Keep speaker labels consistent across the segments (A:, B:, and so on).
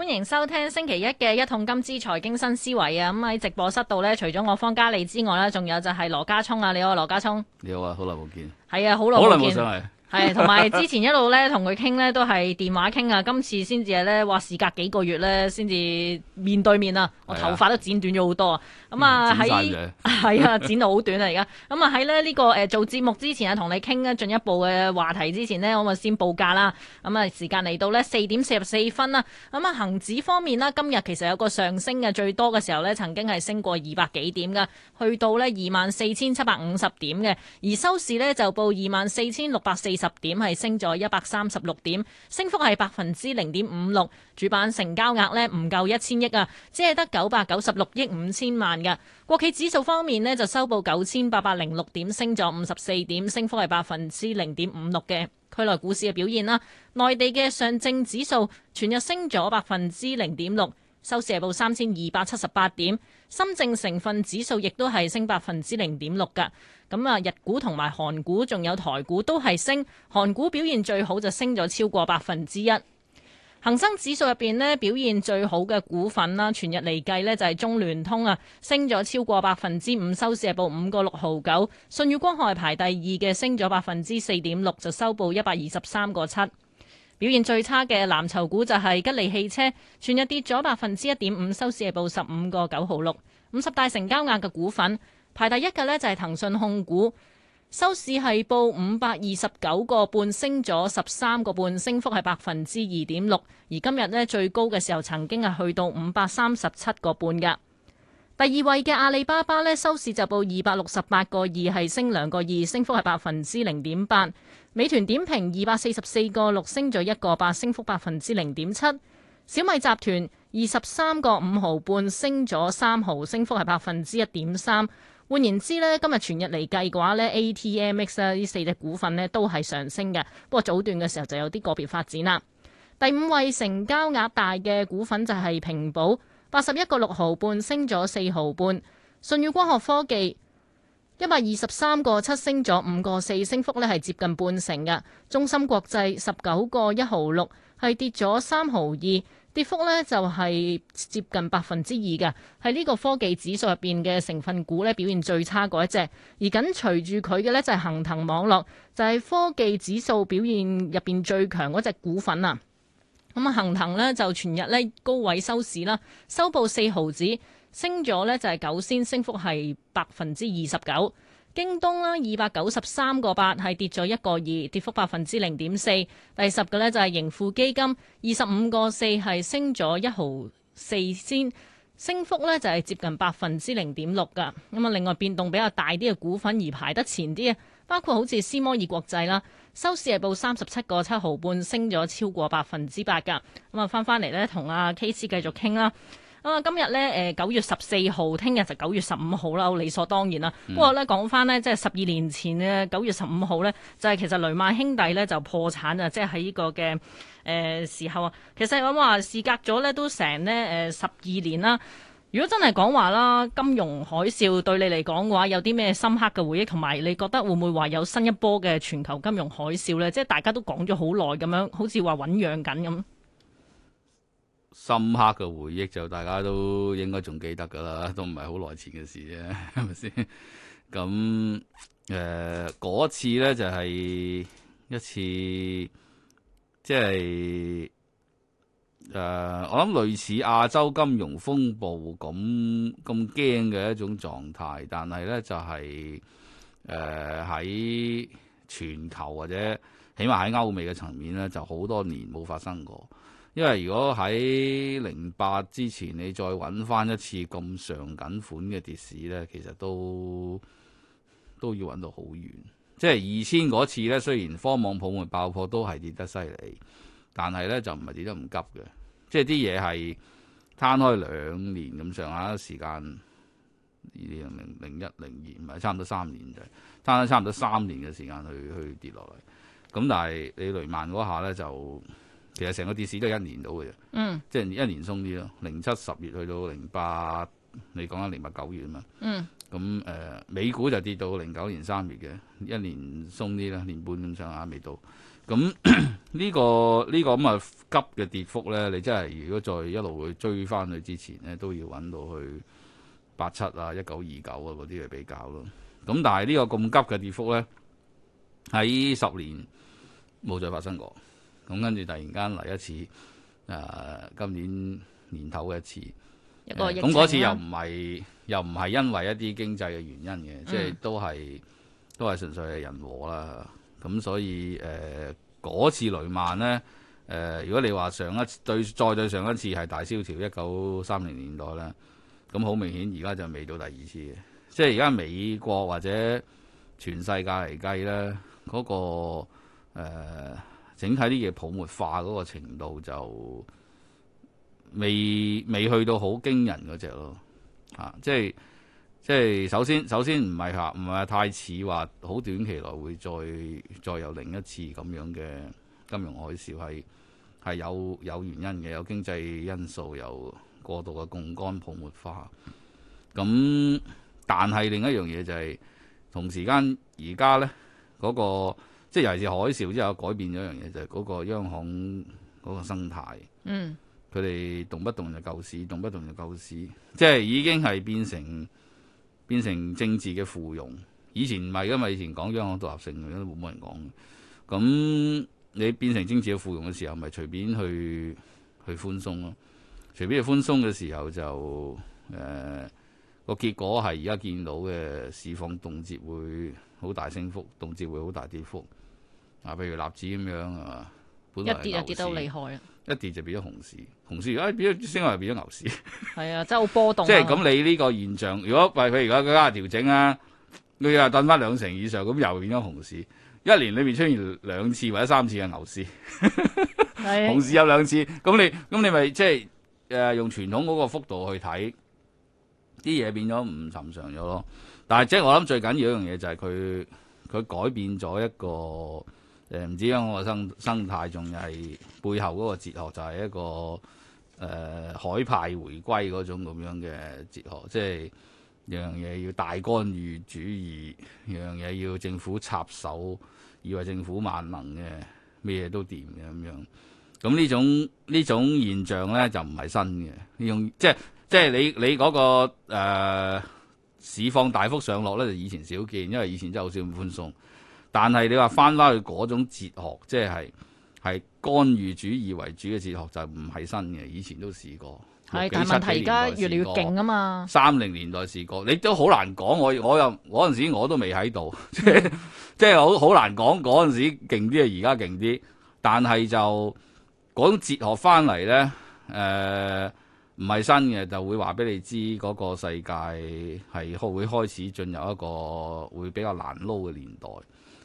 A: 歡迎收聽星期一嘅一桶金之財經新思維啊！咁、嗯、喺直播室度咧，除咗我方嘉利之外咧，仲有就係羅家聰啊！你好，家聰
B: 你好啊，羅家聰，你好啊，好耐冇見，係啊，好耐冇
A: 見。係，同埋 之前一路咧同佢傾咧，都係電話傾啊，今次先至咧話時隔幾個月咧先至面對面啊！我頭髮都剪短咗好多啊！咁、嗯、啊喺係 啊剪到好短啊而家，咁啊喺咧呢個誒、呃、做節目之前啊同你傾進一步嘅話題之前呢，我咪先報價啦。咁、嗯、啊時間嚟到呢，四點四十四分啦。咁啊恒指方面啦，今日其實有個上升嘅，最多嘅時候呢，曾經係升過二百幾點嘅，去到呢二萬四千七百五十點嘅，而收市呢，就報二萬四千六百四十點，係升咗一百三十六點，升幅係百分之零點五六。主板成交額呢唔夠一千億啊，只係得九百九十六億五千萬㗎。國企指數方面呢，就收報九千八百零六點，升咗五十四點，升幅係百分之零點五六嘅。區內股市嘅表現啦，內地嘅上證指數全日升咗百分之零點六。收市係報三千二百七十八點，深證成分指數亦都係升百分之零點六噶。咁啊，日股同埋韓股仲有台股都係升，韓股表現最好就升咗超過百分之一。恒生指數入邊咧表現最好嘅股份啦，全日嚟計呢就係中聯通啊，升咗超過百分之五，收市係報五個六毫九。舜宇光學排第二嘅，升咗百分之四點六，就收報一百二十三個七。表現最差嘅藍籌股就係吉利汽車，全日跌咗百分之一點五，收市係報十五個九毫六。五十大成交額嘅股份排第一嘅呢就係騰訊控股，收市係報五百二十九個半，升咗十三個半，升幅係百分之二點六。而今日呢，最高嘅時候曾經係去到五百三十七個半㗎。第二位嘅阿里巴巴咧，收市就報二百六十八個二，係升兩個二，升幅係百分之零點八。美團點評二百四十四個六，升咗一個八，升幅百分之零點七。小米集團二十三個五毫半，升咗三毫，升幅係百分之一點三。換言之咧，今日全日嚟計嘅話咧，ATMX 呢四隻股份咧都係上升嘅，不過早段嘅時候就有啲個別發展啦。第五位成交額大嘅股份就係平保。八十一個六毫半，65，升咗四毫半。舜宇光學科技一百二十三個七，升咗五個四，升幅咧係接近半成嘅。中芯國際十九個一毫六，係跌咗三毫二，跌幅咧就係接近百分之二嘅，係呢個科技指數入邊嘅成分股咧表現最差嗰一隻。而緊隨住佢嘅咧就係恒騰網絡，就係、是、科技指數表現入邊最強嗰隻股份啊！咁啊，恒騰呢，就全日咧高位收市啦，收報四毫子，升咗呢，就係九仙，升幅係百分之二十九。京東啦，二百九十三個八係跌咗一個二，跌幅百分之零點四。第十個呢，就係盈富基金，二十五個四係升咗一毫四仙，升幅呢就係接近百分之零點六噶。咁啊，另外變動比較大啲嘅股份而排得前啲。包括好似斯摩爾國際啦，收市係報三十七個七毫半，升咗超過百分之百噶。咁啊，翻翻嚟咧，同阿 K C 繼續傾啦。啊，今日咧，誒九月十四號，聽日就九月十五號啦，理所當然啦。嗯、不過咧，講翻咧，即係十二年前嘅九月十五號咧，就係、是、其實雷曼兄弟咧就破產啊，即係喺呢個嘅誒、呃、時候啊。其實我話事隔咗咧都成呢誒十二年啦。如果真係講話啦，金融海嘯對你嚟講嘅話，有啲咩深刻嘅回憶，同埋你覺得會唔會話有新一波嘅全球金融海嘯呢？即係大家都講咗好耐咁樣，好似話醞釀緊咁。
B: 深刻嘅回憶就大家都應該仲記得㗎喇，都唔係好耐前嘅事啫，係咪先？咁 嗰、呃、次呢，就係、是、一次即係。就是誒、呃，我諗類似亞洲金融風暴咁咁驚嘅一種狀態，但係呢就係誒喺全球或者起碼喺歐美嘅層面呢就好多年冇發生過。因為如果喺零八之前，你再揾翻一次咁上緊款嘅跌市呢，其實都都要揾到好遠。即係二千嗰次呢，雖然科網泡沫爆破都係跌得犀利，但係呢就唔係跌得唔急嘅。即係啲嘢係攤開兩年咁上下時間，二零零一、零二唔係差唔多三年就係攤開差唔多三年嘅時間去去跌落嚟。咁但係你雷曼嗰下咧就，其實成個跌市都係一年到嘅啫。嗯，即係一年鬆啲咯。零七十月去到零八，你講緊零八九月啊嘛。嗯。咁誒，美股就跌到零九年三月嘅，一年鬆啲啦，年半咁上下未到。咁呢、呢個呢、呢個咁啊急嘅跌幅咧,你真係如果再一路去追翻去之前咧，都要揾到去八七啊、一九二九啊嗰啲去比較咯。咁但係呢個咁急嘅跌幅咧，喺十年冇再發生過。咁跟住突然間嚟一次，誒、啊，今年年頭嘅一次，咁嗰、啊、次又唔係又唔係因為一啲經濟嘅原因嘅，嗯、即係都係都係純粹係人禍啦。咁所以誒嗰、呃、次雷曼呢，誒、呃，如果你話上一次對再再上一次係大蕭條一九三零年代咧，咁好明顯而家就未到第二次嘅。即係而家美國或者全世界嚟計呢，嗰、嗰個、呃、整體啲嘢泡沫化嗰個程度就未未去到好驚人嗰隻咯，嚇、啊、即係。即係首先，首先唔係嚇，唔係太似話好短期內會再再有另一次咁樣嘅金融海嘯，係係有有原因嘅，有經濟因素，有過度嘅槓桿泡沫化。咁但係另一樣嘢就係、是、同時間而家呢嗰、那個即係尤其是海嘯之後改變咗一樣嘢，就係、是、嗰個央行嗰個生態。嗯，佢哋動不動就救市，動不動就救市，即係已經係變成。變成政治嘅附庸，以前唔係，因為以前講央行獨立性，冇乜人講。咁你變成政治嘅附庸嘅時候，咪隨便去去寬鬆咯。隨便去寬鬆嘅時候就，就誒個結果係而家見到嘅市況動輒會好大升幅，動輒會好大跌幅。啊，譬如納指咁樣啊。本一跌就跌得好厲害啊！一跌就變咗熊市，熊市啊變咗升，又變咗牛市。
A: 係 啊，真係好波動，啊。即係咁，你
B: 呢個現象，如果佢而家加下調整啊，你又賺翻兩成以上，咁又變咗熊市。一年裏面出現兩次或者三次嘅牛市，
A: 熊
B: 市有兩次，咁你咁你咪即係誒用傳統嗰個幅度去睇，啲嘢變咗唔尋常咗咯。但係即係我諗最緊要一樣嘢就係佢佢改變咗一個。誒唔知邊個生生態，仲係背後嗰個哲學就係一個誒、呃、海派回歸嗰種咁樣嘅哲學，即係樣嘢要大干預主義，樣嘢要政府插手，以為政府萬能嘅，咩嘢都掂嘅咁樣。咁呢種呢種現象咧就唔係新嘅，用即係即係你你嗰、那個、呃、市況大幅上落咧，就以前少見，因為以前真係好少咁寬鬆。但係你話翻翻去嗰種哲學，即係係干預主義為主嘅哲學就唔係新嘅，以前都試過。
A: 係的，幾幾但係問題而家越嚟越勁啊嘛。
B: 三零年代試過，你都好難講。我我有嗰陣時我都未喺度， 即係好好難講。嗰陣時勁啲啊，而家勁啲。但係就嗰種哲學翻嚟呢，誒唔係新嘅，就會話俾你知嗰、嗰個世界係會開始進入一個會比較難撈嘅年代。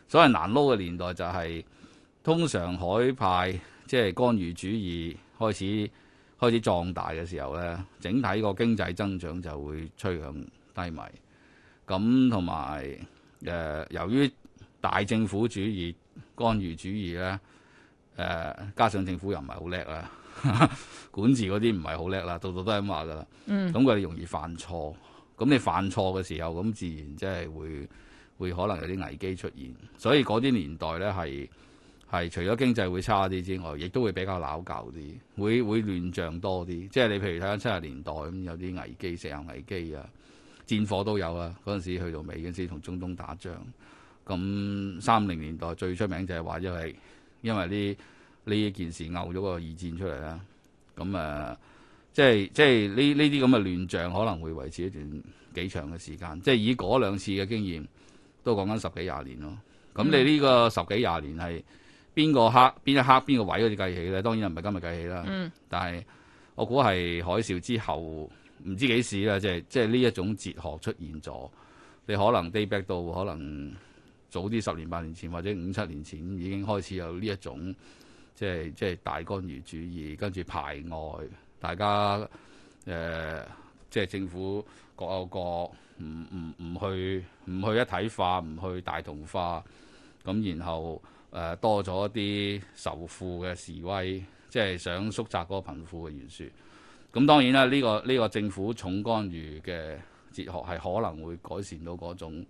B: 所謂難撈嘅年代就係、是、通常海派即係干預主義開始開始壯大嘅時候呢，整體個經濟增長就會趨向低迷。咁同埋誒，由於大政府主義、干預主義呢，誒、呃、加上政府又唔係好叻啦， 管治嗰啲唔係好叻啦，到度都係咁話㗎啦。嗯。咁佢哋容易犯錯，咁你犯錯嘅時候，咁自然即係會。會可能有啲危機出現，所以嗰啲年代呢，係係除咗經濟會差啲之外，亦都會比較攪舊啲，會會亂象多啲。即係你譬如睇返七十年代咁，有啲危機、石油危機啊，戰火都有啊。嗰陣時去到尾嗰陣時，同中東打仗。咁三零年代最出名就係話，因為因為呢呢件事勾咗個二戰出嚟啦。咁誒，即係即係呢呢啲咁嘅亂象可能會維持一段幾長嘅時間。即係以嗰兩次嘅經驗。都講緊十幾廿年咯，咁你呢個十幾廿年係邊個黑邊一刻邊個位嗰啲計起咧？當然唔係今日計起啦，但係我估係海嘯之後唔知幾時啦，即係即係呢一種哲學出現咗，你可能 day back 到可能早啲十年八年前或者五七年前已經開始有呢一種即係即係大干預主義，跟住排外，大家誒。呃即係政府各有各，唔唔唔去唔去一體化，唔去大同化，咁然後誒、呃、多咗一啲仇富嘅示威，即係想縮窄嗰個貧富嘅懸殊。咁當然啦，呢個呢個政府重干預嘅哲學係可能會改善到嗰種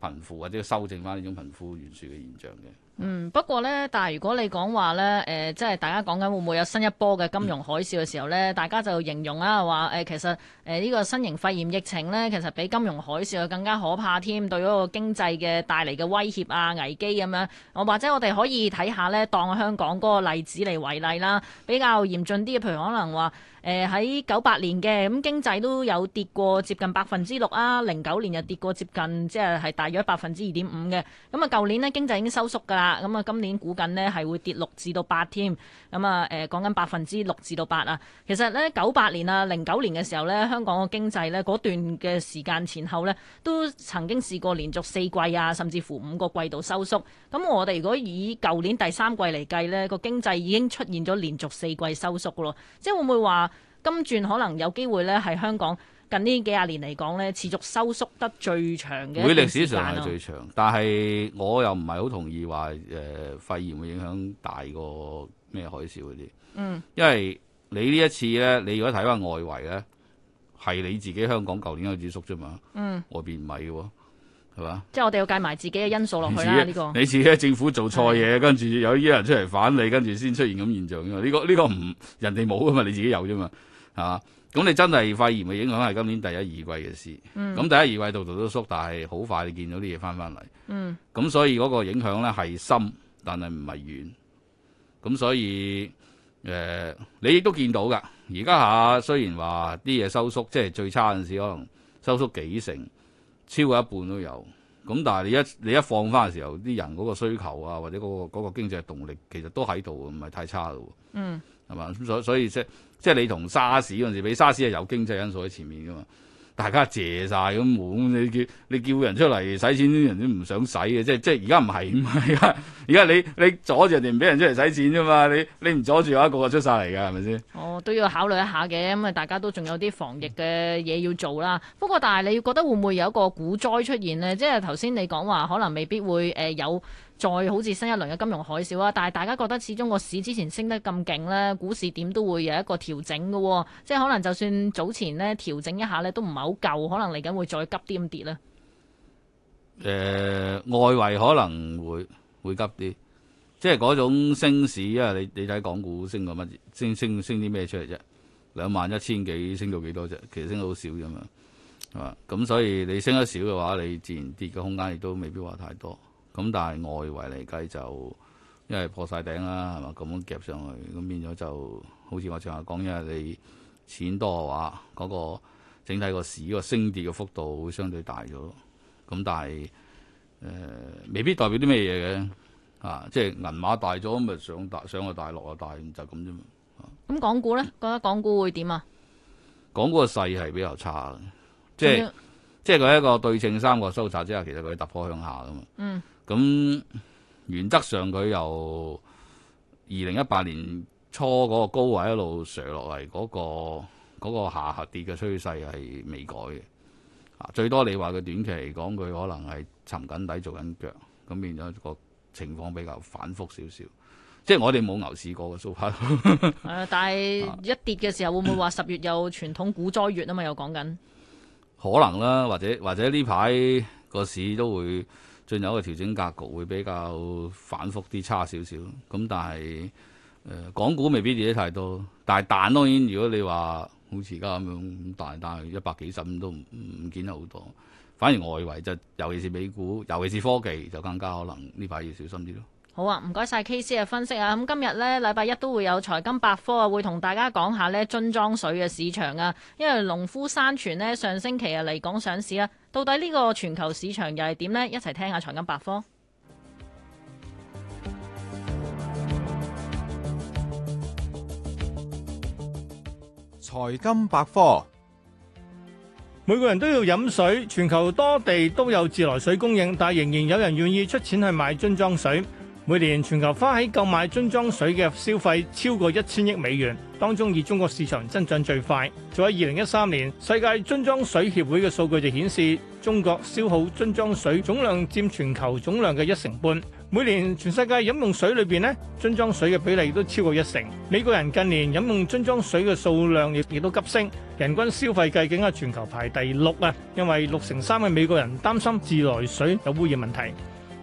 B: 貧富或者修正翻呢種貧富懸殊嘅現象嘅。
A: 嗯，不過呢，但係如果你講話呢，誒、呃，即係大家講緊會唔會有新一波嘅金融海嘯嘅時候呢？嗯、大家就形容啦話誒，其實誒呢個新型肺炎疫情呢，其實比金融海嘯更加可怕添，對嗰個經濟嘅帶嚟嘅威脅啊、危機咁樣啊。或者我哋可以睇下呢，當香港嗰個例子嚟為例啦，比較嚴峻啲嘅，譬如可能話誒喺九八年嘅咁經濟都有跌過接近百分之六啊，零九年又跌過接近即係係大約百分之二點五嘅。咁啊，舊年呢經濟已經收縮㗎啦。咁啊，今年估緊咧係會跌六至到八添。咁啊，誒講緊百分之六至到八啊。其實咧，九八年啊、零九年嘅時候咧，香港嘅經濟咧嗰段嘅時間前後咧都曾經試過連續四季啊，甚至乎五個季度收縮。咁我哋如果以舊年第三季嚟計咧，個經濟已經出現咗連續四季收縮咯。即係會唔會話今轉可能有機會咧？係香港。近呢幾廿年嚟講咧，持續收縮得最長嘅。會歷史上係最
B: 長，但係我又唔係好同意話誒、呃、肺炎嘅影響大過咩海嘯嗰啲。嗯，因為你呢一次咧，你如果睇翻外圍咧，係你自己香港舊年有收縮啫嘛。嗯，外邊唔係嘅，係嘛？
A: 即係我哋要計埋自己嘅因素落去啦。呢個你自己、這個、
B: 你自己政府做錯嘢，跟住的有啲人出嚟反你，跟住先出現咁現象。因為呢個呢、這個唔人哋冇啊嘛，你自己有啫嘛，係嘛？咁你真係肺炎嘅影響係今年第一二季嘅事，咁、嗯、第一二季度度度都縮，但係好快你見到啲嘢翻翻嚟，咁、嗯、所以嗰個影響咧係深，但係唔係遠。咁所以誒、呃，你亦都見到嘅。而家下雖然話啲嘢收縮，即係最差嗰陣時可能收縮幾成，超過一半都有。咁但係你一你一放翻嘅時候，啲人嗰個需求啊，或者嗰、嗰個嗰、嗰個經濟動力其實都喺度，唔係太差嘅。嗯，係嘛？咁所所以即即係你同沙士嗰陣時比，沙士係有經濟因素喺前面噶嘛，大家借晒咁，你叫你叫人出嚟使錢啲人都唔想使嘅，即係即係而家唔係，而家你你阻住人哋唔俾人出嚟使錢啫嘛，你你唔阻住，有一個個出晒嚟嘅係咪先？是
A: 是哦，都要考慮一下嘅，咁啊，大家都仲有啲防疫嘅嘢要做啦。不過，但係你要覺得會唔會有一個股災出現咧？即係頭先你講話，可能未必會誒、呃、有。再好似新一輪嘅金融海嘯啊！但係大家覺得始終個市之前升得咁勁呢，股市點都會有一個調整嘅。哦，即係可能就算早前呢調整一下呢，都唔係好夠，可能嚟緊會再急啲咁跌呢。誒、
B: 呃，外圍可能會會急啲，即係嗰種升市，因為你你睇港股升過乜，升升升啲咩出嚟啫？兩萬一千幾升到幾多啫？其實升得好少嘅嘛，係嘛？咁所以你升得少嘅話，你自然跌嘅空間亦都未必話太多。咁但係外圍嚟計就，因為破晒頂啦，係嘛？咁樣夾上去，咁變咗就好似我正話講，因為你錢多嘅話，嗰個整體個市個升跌嘅幅度會相對大咗。咁但係誒、呃，未必代表啲咩嘢嘅，啊，即係銀碼大咗咁咪上大上大陸是就大，落就大，就咁啫嘛。
A: 咁港股咧，覺得港股會點啊？
B: 港股個勢係比較差嘅，即係、嗯、即係佢一個對稱三角收窄之下，其實佢突破向下噶嘛。嗯。咁原則上，佢由二零一八年初嗰個高位一路衰落嚟，嗰、嗰個嗰個下下跌嘅趨勢係未改嘅、啊。最多你話佢短期嚟講，佢可能係沉緊底做緊腳，咁變咗個情況比較反覆少少。即係我哋冇牛市過嘅蘇柏。啊、
A: 但係一跌嘅時候， 會唔會話十月有傳統股災月啊？嘛，又講緊。
B: 可能啦，或者或者呢排個市都會。進有一個調整格局，會比較反覆啲，差少少。咁但係，誒、呃，港股未必跌得太多。但係，但當然，如果你話好似而家咁樣，但係但係一百幾十都唔唔見得好多。反而外圍就，尤其是美股，尤其是科技，就更加可能呢排要小心啲咯。
A: 好啊，唔該晒 K 師嘅分析啊。咁、嗯、今日呢，禮拜一都會有財金百科啊，會同大家講下呢樽裝水嘅市場啊。因為農夫山泉呢，上星期啊，嚟港上市啊，到底呢個全球市場又係點呢？一齊聽下財金百科。
C: 財金百科，每個人都要飲水，全球多地都有自來水供應，但係仍然有人願意出錢去買樽裝水。每年全球花喺購買樽裝水嘅消費超過一千億美元，當中以中國市場增長最快。喺二零一三年，世界樽裝水協會嘅數據就顯示，中國消耗樽裝水總量佔全球總量嘅一成半。每年全世界飲用水裏邊呢樽裝水嘅比例都超過一成。美國人近年飲用樽裝水嘅數量亦都急升，人均消費計竟係全球排第六啊，因為六成三嘅美國人擔心自來水有污染問題。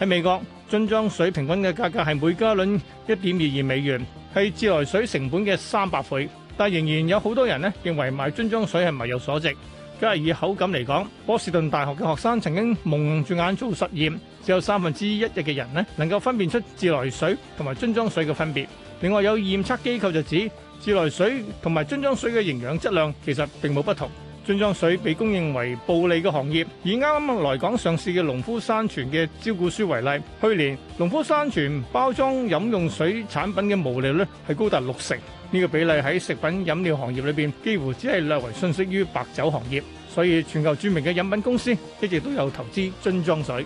C: 喺美國樽裝水平均嘅價格係每加侖一點二二美元，係自來水成本嘅三百倍。但仍然有好多人咧認為買樽裝水係物有所值。咁啊，以口感嚟講，波士頓大學嘅學生曾經蒙住眼做實驗，只有三分之一嘅人咧能夠分辨出自來水同埋樽裝水嘅分別。另外有驗測機構就指，自來水同埋樽裝水嘅營養質量其實並冇不同。樽裝水被公認為暴利嘅行業，以啱啱來港上市嘅農夫山泉嘅招股書為例，去年農夫山泉包裝飲用水產品嘅毛利率咧係高達六成，呢個比例喺食品飲料行業裏邊幾乎只係略為遜色於白酒行業，所以全球著名嘅飲品公司一直都有投資樽裝水。